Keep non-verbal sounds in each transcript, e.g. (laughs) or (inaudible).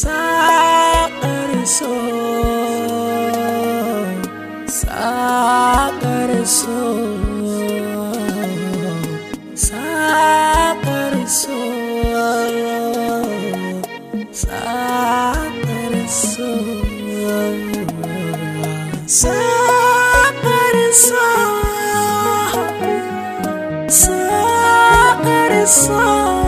Sacareçou, sacareçou, sacareçou, sacareçou, sacareçou, sacareçou.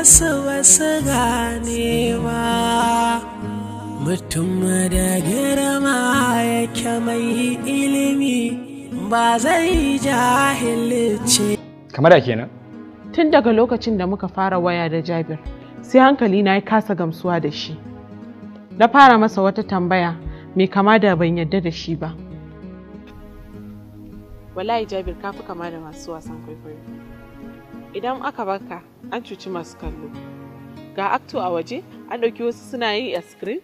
wasu wasu ganewa mutum da girma yake mai ilimi ba zai jahilce kamar da kenan tun daga lokacin da muka fara waya da jabir sai hankali na ya kasa gamsuwa da shi na fara masa wata tambaya mai kama da ban yadda da shi ba wallahi jabir kafi kama da masu wasan kwaikwayo idan aka baka an cuci masu kallo ga akto a waje an ɗauki wasu suna yin screen.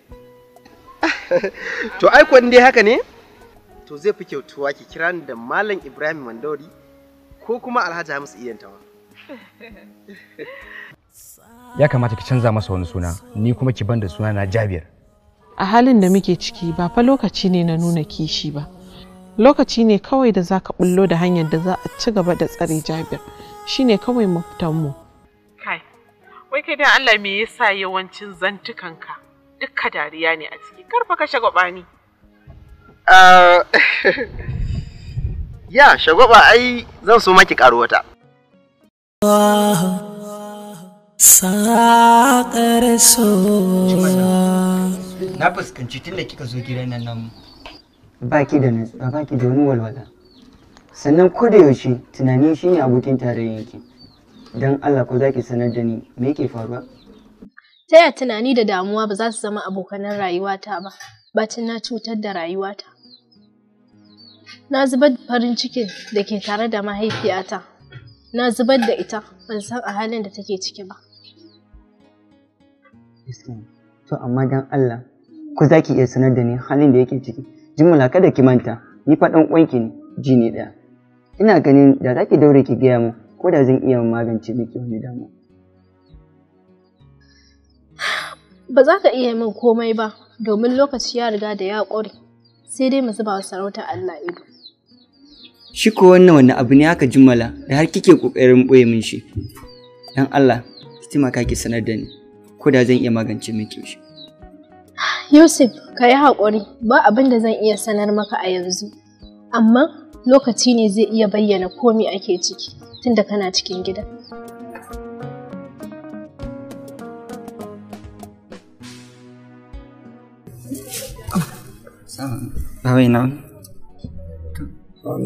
(laughs) to ai dai haka ne to zai fi kyautuwa ki kira ni da malam ibrahim mandori ko kuma alhaji hamisu tawa (laughs) ya kamata ki canza masa wani suna ni kuma ki banda suna na jabir a halin da muke ciki ba fa lokaci ne na nuna kishi ba lokaci ne kawai da za ka bullo da hanyar da za a ci gaba da tsare jabir shine kawai mafitanmu. Kai, wai kai dan Allah me yasa yawancin zantukanka dukka dariya ne a ciki, karfa ka shagwabani. Ah, (laughs) ya, shagwaba ai zan so maki karuwata. Saƙar Na fuskanci tun da kika zo gidan nan nan. Baki da nutsuwa, baki da wani walwala. sannan ko da yaushe tunanin shi ne abokin tarayyanki don allah ko za ki sanar da ni me yake faruwa ta yaya tunani da damuwa ba za su zama abokanan rayuwata ba bacin na cutar da rayuwata na zubar da farin cikin da ke tare da mahaifiyata na zubar da ita ban san a halin da take ciki ba to amma dan allah ku za ki iya sanar da ni halin da yake ciki jimla kada ki manta ni fa dan uwanki ne ji ɗaya ina ganin da za ki daure ki gaya mu ko da zan iya magance miki wani damu. Ba za ka iya min komai ba domin lokaci ya riga da ya ƙware sai dai mu zuba wa sarauta Allah ido. Shi ko wannan wani abu ne aka jimala da har kike ƙoƙarin ɓoye min shi. Dan Allah, ki taimaka ki sanar da ni ko da zan iya magance miki shi. Yusuf, ka yi haƙuri ba abin da zan iya sanar maka a yanzu. Amma lokaci ne zai iya bayyana komi ake ciki tun da kana cikin gida.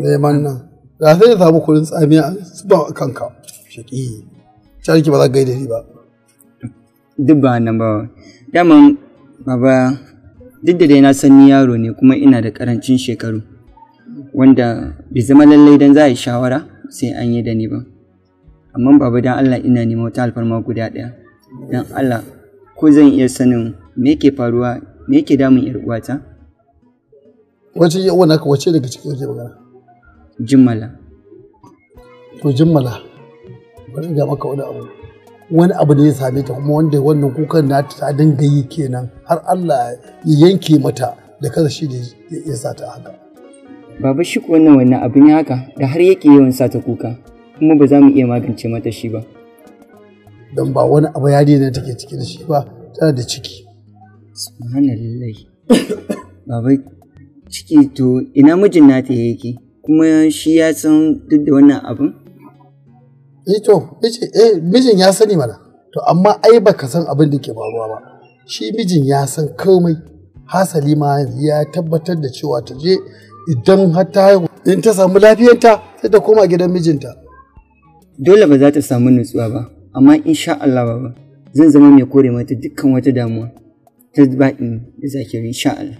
Neman nan. Da sai ya samu kurin ba kanka. Shaƙi. ba za ka gaida ni ba. Duk ba nan ba. Daman baba duk da dai na san yaro ne kuma ina da karancin shekaru. wanda bai zama lallai don za a yi shawara sai an yi da ni ba amma babu don Allah ina neman wata alfarma guda ɗaya don Allah ko zan iya sanin me ke faruwa me ke damun yar uwata wace yi uwa aka wace daga cikin yake magana jimmala to jimmala bari ga maka wani abu wani abu ne ya same ta kuma wanda wannan kukan na ta dinga yi kenan har Allah ya yanke mata da kansa shi ne ya sa ta haka Baba shi wannan wannan abin ne haka da har yake yawan sa ta kuka kuma ba za mu iya magance mata shi ba. Don ba wani abu yari ne take ciki da shi ba tana da ciki. subhanallahi (coughs) Baba ciki to ina mijin nata yake kuma shi ya san duk da wannan abin? Eh to, eh mijin ya sani mana. To amma ai baka san abin da ke faruwa ba. Shi mijin ya san komai. Hasali ma ya tabbatar da cewa ta je idan har ta haihu in ta samu lafiyanta sai ta koma gidan mijinta dole ba za ta samu nutsuwa ba amma sha Allah ba zan zama mai kore mata dukkan wata damuwa ta baɗin da zakiri sha Allah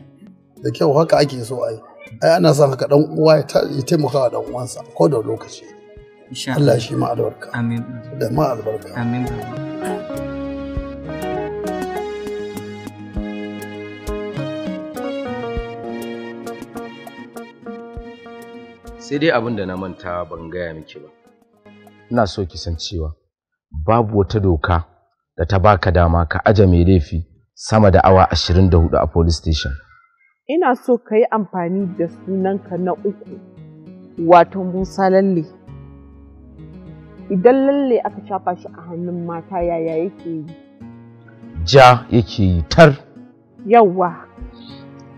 da kyau haka ake so ai ai ana son haka dan uwa ya taimaka wa dan uwansa ko da lokaci Allah shi ma albarka amin da ma albarka amin sai dai abin da na manta ban gaya miki ba ina so ki san cewa babu wata doka da ta baka dama ka aje mai laifi sama da awa 24 a police station ina so ka yi amfani da sunanka na uku wato musa lalle idan lalle aka shafa shi a hannun mata yaya yake yi ja yake yi tar yawwa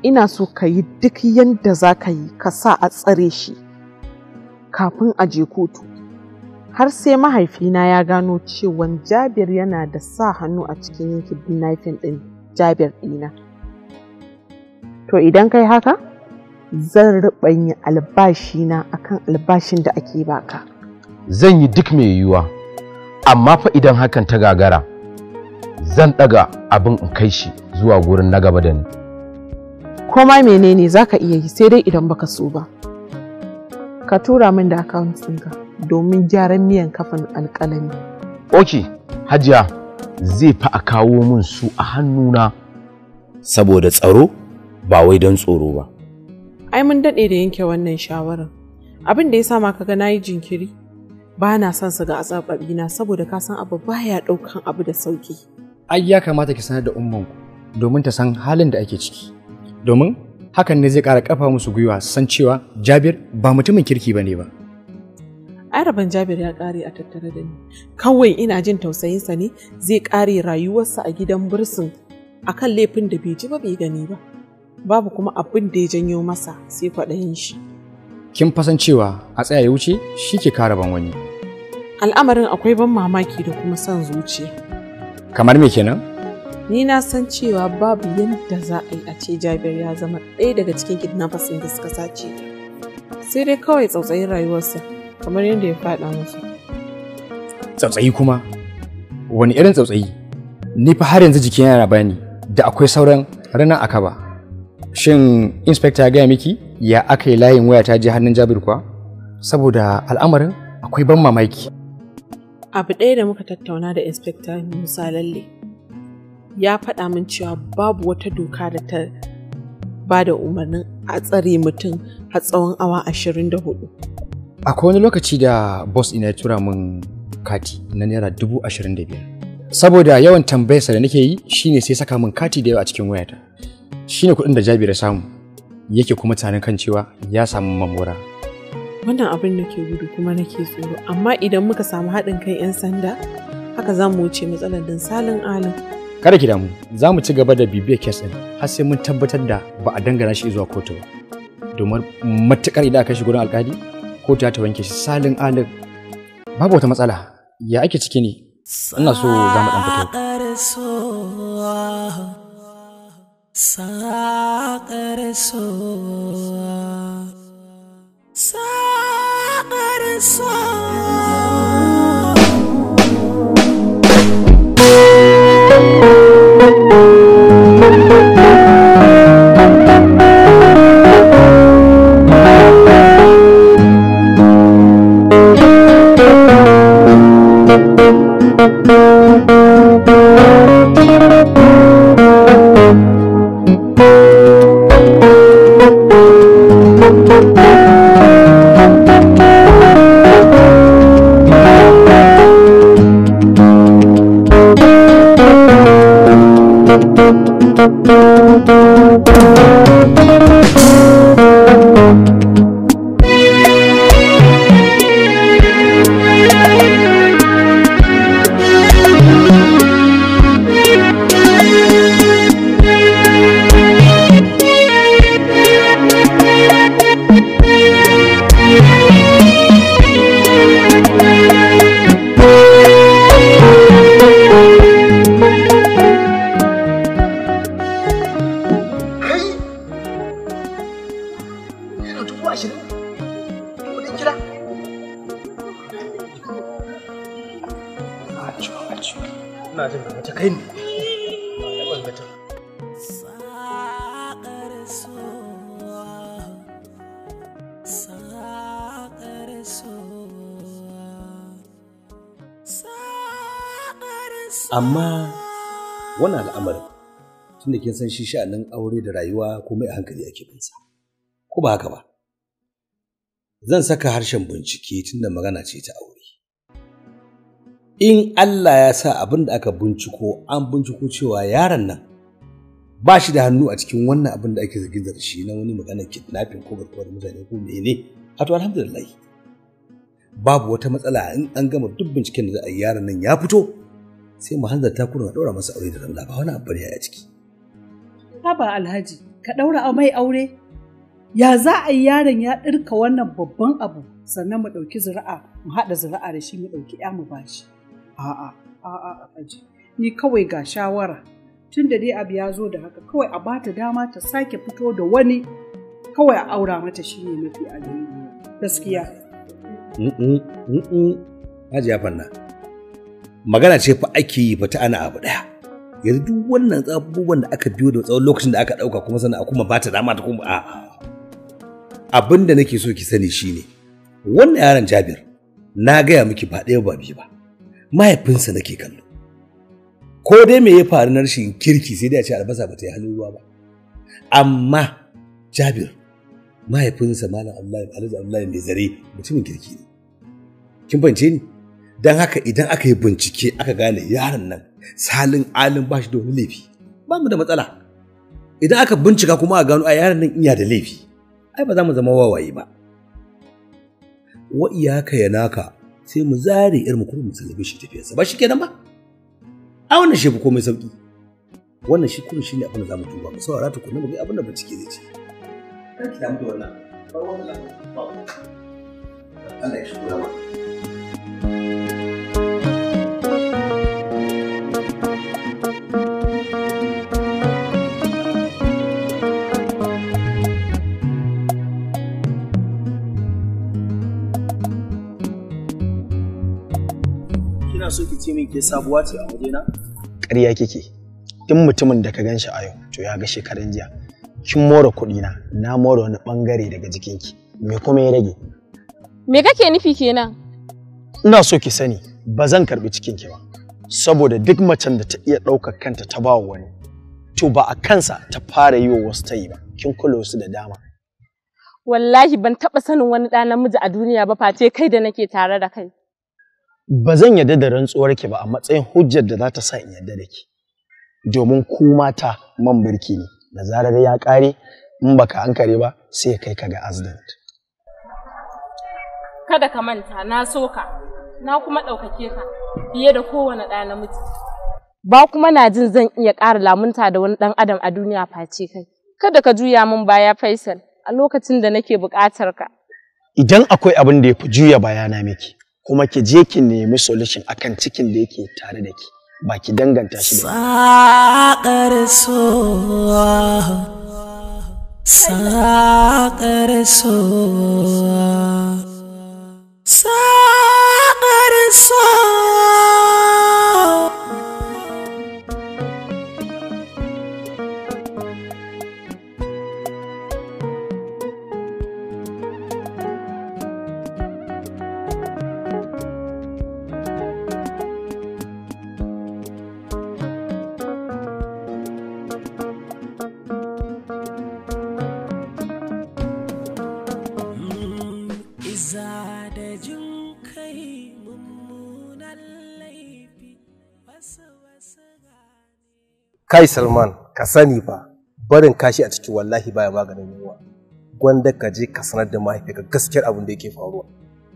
ina so ka yi duk yadda za ka yi ka sa a tsare shi kafin a je kotu har sai mahaifina ya gano cewan jabir yana da sa hannu a cikin yankin kidnapping ɗin jabir ɗina to idan kai haka zan riɓanya albashina akan albashin da ake baka zan yi duk mai yiwuwa amma fa idan hakan ta gagara zan ɗaga abin in kai shi zuwa gurin na gaba da ni koma menene za ka iya yi sai dai idan baka so ba ka tura min da account ɗinka domin gyaran miyan kafin alƙalami. Ok, hajiya zai fa a kawo min su a hannuna. Saboda tsaro ba wai don tsoro ba. Ai mun daɗe da yanke wannan shawarar. Abin da ya sa ma kaga na yi jinkiri ba na son su ga na saboda ka san abu ba ya ɗaukan abu da sauƙi. Ai ya kamata ki sanar da ummanku domin ta san halin da ake ciki. Domin hakan ne zai ƙara kafa musu gwiwa san cewa Jabir ba mutumin kirki ba ne ba. Araban Jabir ya ƙare a tattare da ni, kawai ina jin tausayinsa ne zai ƙare rayuwarsa a gidan bursin akan laifin da bai ji ba bai gani ba. Babu kuma abin da ya janyo masa sai kwaɗayin shi. Kin fasan cewa a tsaya ya wuce shi ke kara ban wani. Al'amarin akwai ban mamaki da kuma son zuciya. Kamar me kenan? ni na san cewa babu yadda za a yi a ce jabir ya zama ɗaya daga cikin kidnappers da suka sace sai dai kawai tsautsayin rayuwarsa kamar yadda ya faɗa musu tsautsayi kuma wani irin tsautsayi ni fa har yanzu jikin yana bani da akwai sauran ranar akaba shin inspector gaya miki ya aka yi layin waya ta je hannun jabir kuwa saboda al'amarin akwai ban mamaki abu ɗaya da muka tattauna da inspector musa lalle ya faɗa min cewa babu wata doka da ta ba da umarnin a tsare mutum a tsawon awa 24. Akwai wani lokaci da boss ina ya tura min kati na naira dubu ashirin da biyar. Saboda yawan tambayarsa da nake yi shine sai saka min kati da yawa a cikin wayata. Shine kuɗin da jabi da samu yake kuma tunanin kan cewa ya samu mamura. Wannan abin nake gudu kuma nake tsoro amma idan muka samu haɗin kan 'yan sanda haka za mu wuce matsalar din salin alin. Kada ki damu, za mu ci gaba da bibiyar kes ɗin har sai mun tabbatar da ba a dangana shi zuwa kotu ba. Domin matukar idan aka shi gurin alƙali, kotu ta wanke shi salin alin. Babu wata matsala, ya ake ciki ne? Ina so za mu ɗan fito. amma wani al'amarin tunda kin san shi sha'anin aure da rayuwa komai a hankali ake binsa ko ba haka ba zan saka harshen bincike tunda magana ce ta aure in Allah ya sa abin da aka binciko an binciko cewa yaron nan ba shi da hannu a cikin wannan abin da ake zargin da shi na wani magana kidnapping ko garkuwar mutane ko mene wato alhamdulillah babu wata matsala in an gama duk binciken da za a yi yaron nan ya fito sai mu hanzar ta ɗaura masa aure da Allah ba wani abu ne a ciki. Haba Alhaji, ka ɗaura mai aure? Ya za a yi yaron ya ɗirka wannan babban abu sannan mu ɗauki zuri'a mu haɗa zuri'a da shi mu ɗauki ya mu bashi. A'a, a'a Alhaji, ni kawai ga shawara. Tun da dai abu ya zo da haka kawai a bata dama ta sake fito da wani kawai a aura mata shi ne mafi alheri. Gaskiya. Hajiya Fanna. magana ce fa ake yi fa ta ana abu daya yanzu duk wannan abubuwan da aka biyo da tsawon lokacin da aka dauka kuma sana a kuma ba ta dama ta kuma a abin da nake so ki sani shine wannan yaron Jabir na gaya miki ba ɗaya ba biyu ba mahaifinsa nake kallo ko dai me ya faru na rashin kirki sai dai a ce albasa ba ta yi halin ruwa ba amma Jabir mahaifinsa malam Allah Alhaji Allah mai zare mutumin kirki ne kin fahimce ni don haka idan aka yi bincike aka gane yaron nan salin alin ba shi da wani laifi ba mu da matsala idan aka bincika kuma a gano a yaron nan iya da laifi ai ba za mu zama wawaye ba wa iyaka ya naka sai mu zare irin mu kuma mu salabe shi tafiyarsa ba shi kenan ba a wannan shi komai sauki wannan shi kuma shi ne abin da za mu duba mu saurara tukunna mu ga abin da bincike zai ce kar ki damu da wannan ba wannan ba Allah ya shigo da ki ce min ke sabuwa ce a wajena? Ƙarya kike. Duk mutumin da ka gan shi a yau to ya ga shekarun jiya. Kin more kuɗina, na na more wani ɓangare daga jikinki. Me kuma ya rage? Me kake nufi kenan? Ina so ki sani, ba zan karɓi cikinki ba. Saboda duk macen da ta iya ɗaukar kanta ta ba wani, to ba a kansa ta fara yi wa wasu ta yi ba. Kin kula wasu da dama. Wallahi ban taɓa sanin wani ɗa namiji a duniya ba face kai da nake tare da kai. ba zan yarda da rantsuwar ki ba a matsayin hujjar da za ta sa in yarda da ki domin ku mata man birki ne da zarar ya kare in baka ankare ba sai ya kai ka ga azdant kada ka manta na so ka na kuma ɗaukake ka fiye da kowane ɗa namiji ba kuma na jin zan iya ƙara lamunta da wani ɗan adam a duniya face kai kada ka juya min baya faisal a lokacin da nake buƙatar ka idan akwai abin da ya fi juya bayana miki kuma ki je ki nemi solution akan cikin da yake tare da ki ba ki danganta shi da so so so da jin kai laifi wasu salman ka sani ba. barin kashi a ciki wallahi baya maganin yunwa gwanda ka je ka sanar da ga gaskiyar abin da yake faruwa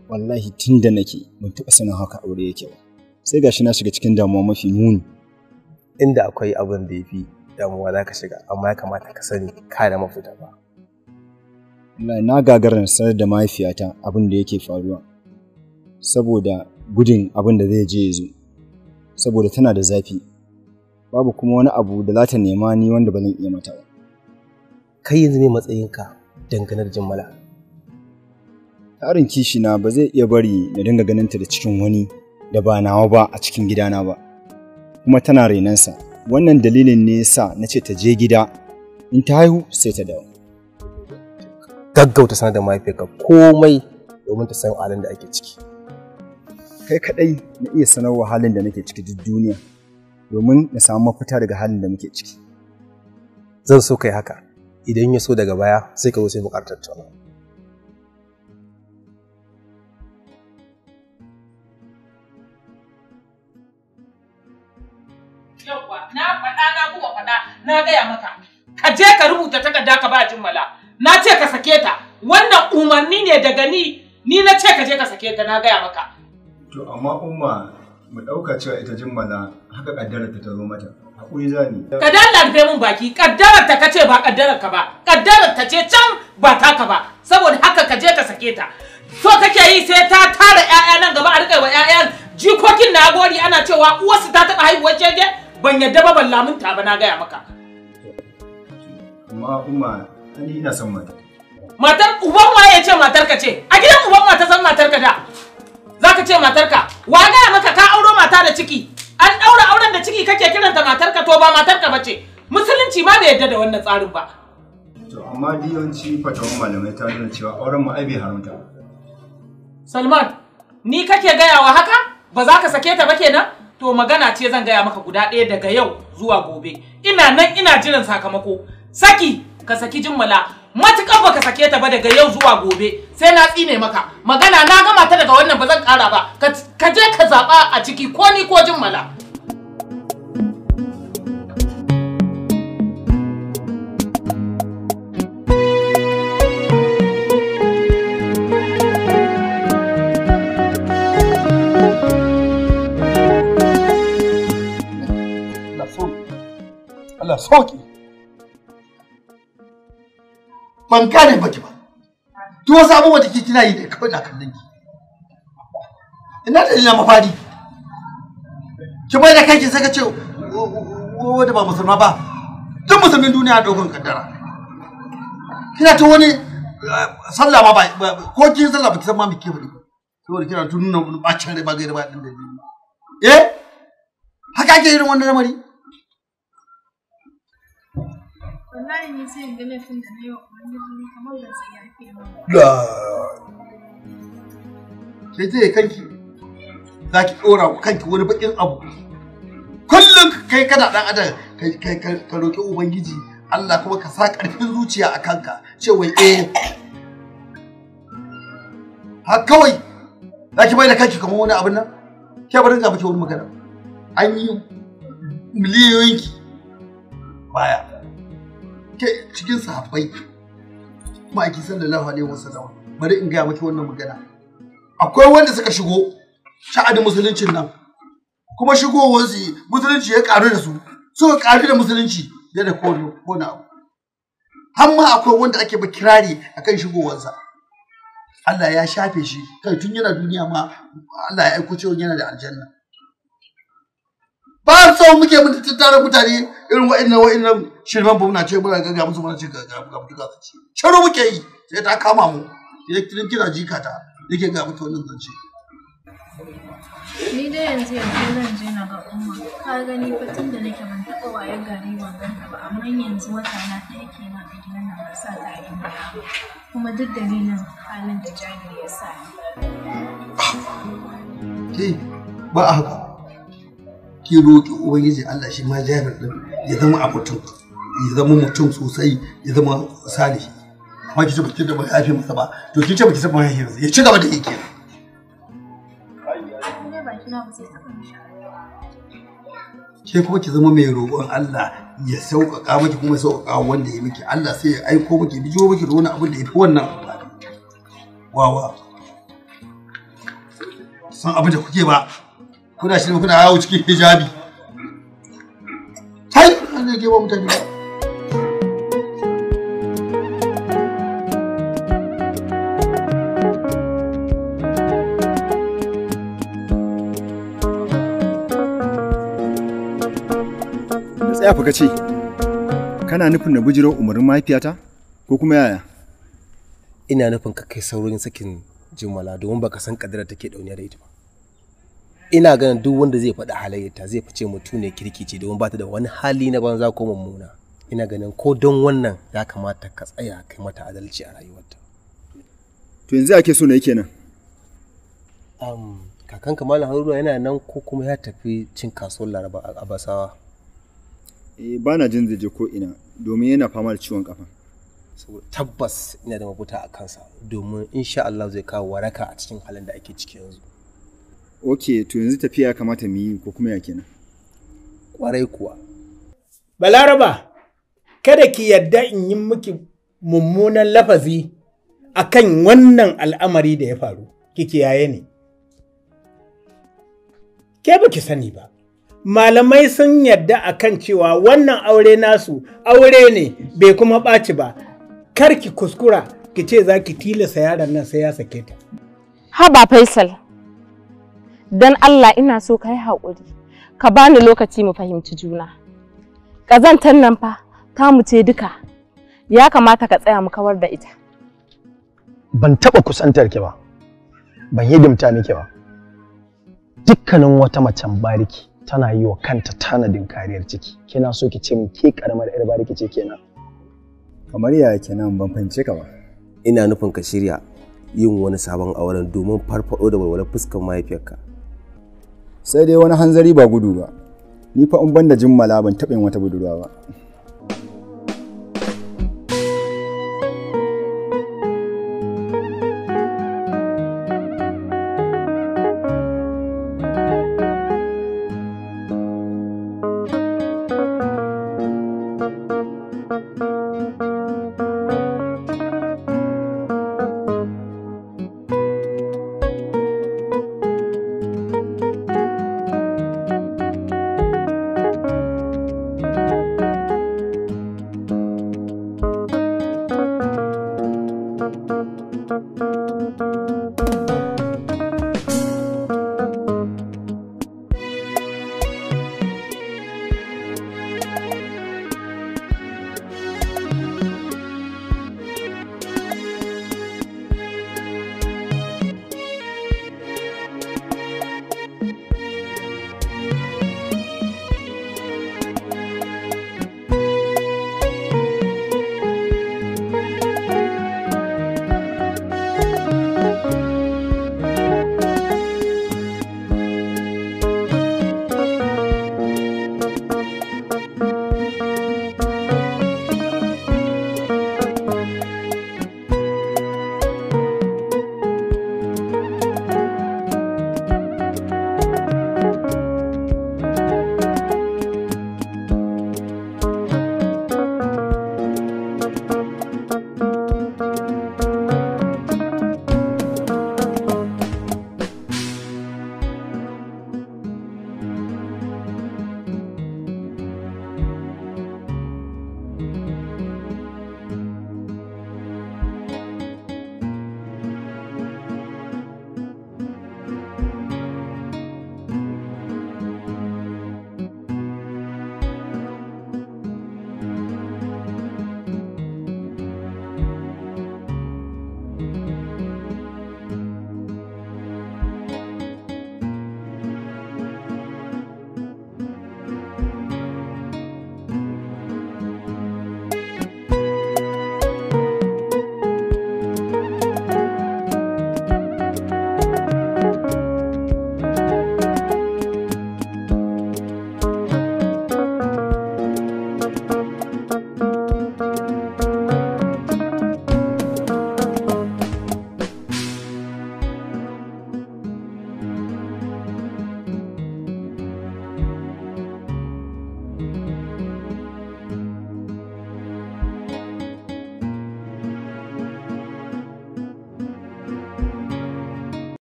wallahi tun da nake ban taɓa sanin haka aure yake ba sai gashi na shiga cikin damuwa mafi muni inda akwai abin da ya fi damuwa za ka shiga amma ya kamata ka sani ka da mafita ba na gagarar sanar da mahaifiyata abin da yake faruwa saboda gudun abin da zai je ya zo saboda tana da zafi babu kuma wani abu da za ta nema ni wanda ba zan iya mata ba kai yanzu ne matsayinka dangane da jimmala tarin kishi na ba zai iya bari na dinga ganinta da cikin wani da ba nawa ba a cikin gidana ba kuma tana renansa wannan dalilin ne sa na ce ta je gida in ta haihu sai ta dawo gaggauta sanar da mahaifiyarka komai domin ta san halin da ake ciki kai kaɗai na iya sanarwa halin da nake ciki duk duniya domin na samu mafita daga halin da muke ciki zan so kai haka idan ya so daga baya sai ka zo sai mu tattauna na faɗa na kuma faɗa na gaya maka ka je ka rubuta takarda ka ba jimmala na ce ka sake ta wannan umarni ne daga ni ni na ce ka je ka sake ta na gaya maka to amma umma mu ɗauka cewa ita jimmala haka kaddarar ta zo mata hakuri za ni ka dalla da mun baki kaddarar ta kace ba kaddarar ka ba kaddarar ta ce can ba ka ba saboda haka ka je ka sake ta so kake yi sai ta tara 'ya'ya nan gaba a rikai wa ƴaƴan jikokin na gori ana cewa uwarsu ta taba haihuwar jeje ban yadda ba ban lamunta ba na gaya maka amma umma Ni ina son mata. Matar uban waye ya ce matarka ce? A gidan uban ta san matarka da. Za ka ce matarka Wa gaya maka ka auro mata da ciki. An ɗaura auren da ciki kake kiranta matar to ba matarka bace. Musulunci ma bai yarda da wannan tsarin ba. To amma yawanci fatawan malamai ta nuna cewa auren mu ai bai haramta. Salman, ni kake gaya wa haka? Ba za ka sake ta ba kenan? To magana ce zan gaya maka guda ɗaya daga yau zuwa gobe. Ina nan ina jiran sakamako. Saki ka saki jimmala matuƙar ka sake ta ba daga yau zuwa gobe sai na tsine maka magana na gama ta daga wannan ba zan ƙara ba ka je ka zaɓa a ciki ko ni ko jimmala. Allah sauki. ban gane baki ba ki wasu abubuwa da ke kina yi da kawai na kallon ki ina da ina mafadi ki bai da kanki sai ka ce wanda ba musulma ba duk musulmin duniya dogon kaddara kina ta wani eh, sallah ma ba ko ki sallah ba ki san ma me ke ba saboda kina tun nuna bacin rai ba gaira ba din da eh haka ake irin wannan lamari wallahi ni sai in ga laifin da na yi wa ubangiji kamar ban sai ya fi da ke je kanki za ki ɗora kanki wani baƙin abu kullum kai kana ɗan adam ka roƙi ubangiji Allah kuma ka sa ƙarfin zuciya a kanka cewa eh ha kawai za ki bai da kanki kamar wani abin nan ke barin ga baki wani magana an yi miliyoyin ki? baya cikin sahabbai lafa ne wasu zama, bari in gaya maki wannan magana akwai wanda suka shigo sha'adin musuluncin nan kuma shigo wasu musulunci ya karu da su suka karu da musulunci da da kona abu har ma akwai wanda ake ba kirari kan shigowarsa Allah ya shafe shi kai tun yana duniya ma Allah ya aiko cewa yana da aljanna ba so muke mu tattara mutane irin wa'annan wa'annan shirman bamna ce muna ga musu muna ce ga ga mutu ga zaci sharo muke yi sai ta kama mu sai kin kira jikata yake ga mutu wannan zance ni dai yanzu yanzu zan je na ga umma ka gani fa tun da nake ban taɓa wayar gari wannan ba amma yanzu wata na ta ɗaya kenan a gidan nan ba sa ta yi kuma duk dalilin halin da jabir ya sa ni ah, ba a haka ki roƙi ubangiji Allah shi ma jabir din ya zama abutun ya zama mutum sosai ya zama salihi amma ki tabbata da ya fi masa ba to ki tabbata da bai haife masa ya ci gaba da yake ke kuma ki zama mai roƙon Allah ya sauƙaƙa miki kuma sauƙaƙa wanda ya miki Allah sai ya aiko miki bijo miki da wani abin da ya fi wannan amfani wawa san abin da kuke ba kuna shirin kuna hawo cikin hijabi hai an ke ba mutane ba tsaya fuka ce kana nufin na bujiro umarnin mahaifiyata ko kuma yaya ina nufin ka kai saurin sakin jimala domin baka san kadara take dauniya da ita ba ina ganin duk wanda zai faɗi halayyarta zai fice mutu ne kirki ce domin ta da wani hali na banza ko mummuna ina ganin ko don wannan ya kamata ka tsaya kai mata adalci a rayuwarta to yanzu ake so ne kenan um, kakan kamala haruna yana nan ko kuma ya tafi cin kasuwar laraba a basawa e, eh, ba na jin zai ko ina domin yana fama da ciwon kafa tabbas ina da mafuta a kansa domin insha Allah zai kawo waraka a cikin halin da ake ciki yanzu ok to yanzu tafiya kamata mu yi ko kuma ya kenan kwarai kuwa balaraba kada ki yarda in yi miki mummunan lafazi a kan wannan al'amari da ya faru kike yaye ne ke ba ki sani ba malamai sun yarda kan cewa wannan aure nasu aure ne bai kuma ɓaci ba kar ki kuskura ki ce za ki tilasa yaran nan sai ya sake ta haba faisal don Allah ina so ka yi haƙuri ka bani lokaci mu fahimci juna ƙazantar nan fa ta mu ce duka ya kamata ka tsaya mu kawar da ita ban taɓa kusantar ki ba ban hidimta miki ba dukkanin wata macen bariki tana yi wa kanta tanadin kariyar ciki kina so ki ce mu ke karamar yar bariki ce kenan kamar ya kenan ban fahimce ka ba ina nufin ka shirya yin wani sabon auren domin farfado da walwalar fuskar mahaifiyarka sai dai wani hanzari ba gudu ba ni fa in banda jimmala ban taɓa yin wata budurwa ba